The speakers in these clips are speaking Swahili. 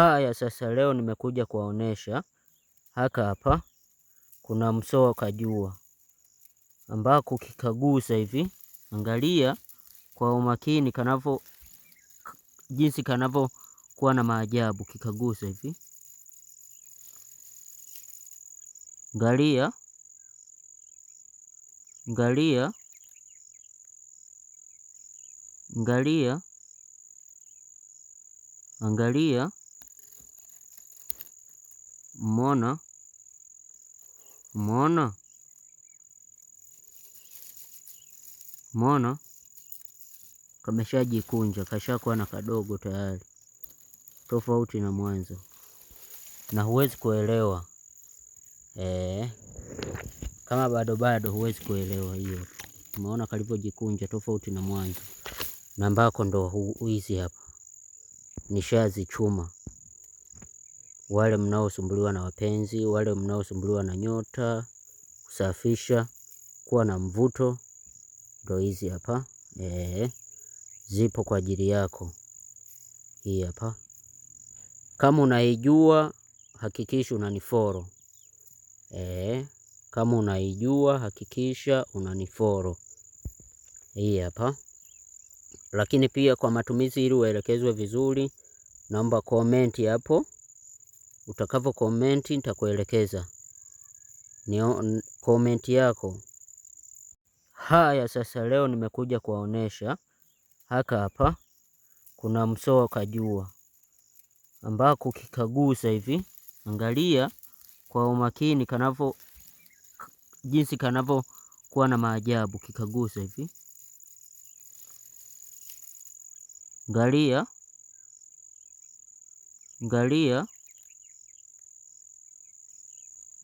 Haya sasa, leo nimekuja kuwaonesha haka hapa, kuna msoa kajua ambako kikagusa hivi, angalia kwa umakini kanavo jinsi kanavyokuwa na maajabu. Kikagusa hivi, angalia, angalia, angalia, angalia Umeona? Umeona? Umeona? Kameshajikunja, kashakuwa na kadogo tayari, tofauti na mwanzo, na huwezi kuelewa e. Kama bado bado huwezi kuelewa hiyo. Umeona kalivyojikunja, tofauti na mwanzo, na ambako ndo hizi hapa nishazichuma wale mnaosumbuliwa na wapenzi, wale mnaosumbuliwa na nyota, kusafisha, kuwa na mvuto, ndo hizi hapa e, zipo kwa ajili yako. Hii hapa kama unaijua hakikisha unaniforo eh, kama unaijua hakikisha unaniforo hii hapa. Lakini pia kwa matumizi, ili uelekezwe vizuri, naomba komenti hapo utakavyo komenti nitakuelekeza ni komenti yako. Haya, sasa leo nimekuja kuwaonesha haka hapa kuna msoa kajua ambako kikagusa hivi, angalia kwa umakini kanavo jinsi kanavyokuwa na maajabu. Kikagusa hivi, angalia, angalia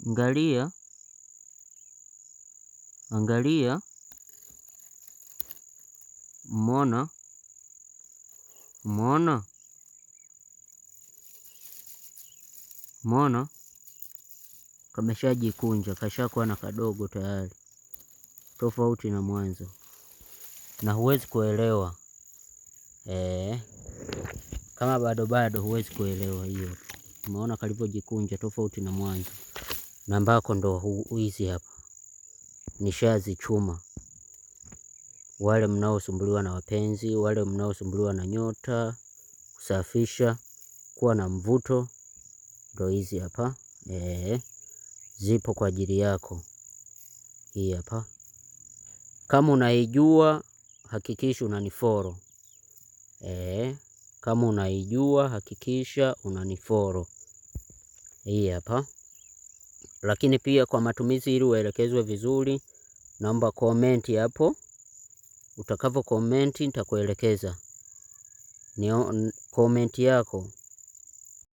angalia angalia mona mona, mona kameshajikunja kashakuwa na kadogo tayari, tofauti na mwanzo, na huwezi kuelewa e, kama bado bado huwezi kuelewa hiyo. Umeona kalivyojikunja tofauti na mwanzo na ambako ndo hizi hapa nishazichuma. Wale mnaosumbuliwa na wapenzi, wale mnaosumbuliwa na nyota, kusafisha, kuwa na mvuto, ndo hizi hapa e, zipo kwa ajili yako. Hii hapa kama unaijua hakikisha unaniforo e, kama unaijua hakikisha unaniforo. Hii hapa lakini pia kwa matumizi, ili uelekezwe vizuri, naomba komenti hapo. Utakavyo komenti nitakuelekeza, ni komenti yako.